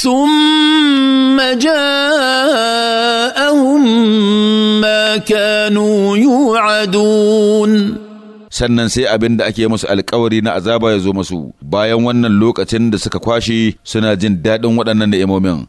ثم جاءهم ما كانوا يوعدون sannan sai abin da ake musu alkawari na azaba ya zo musu bayan wannan lokacin da suka kwashe suna jin daɗin waɗannan ni'imomin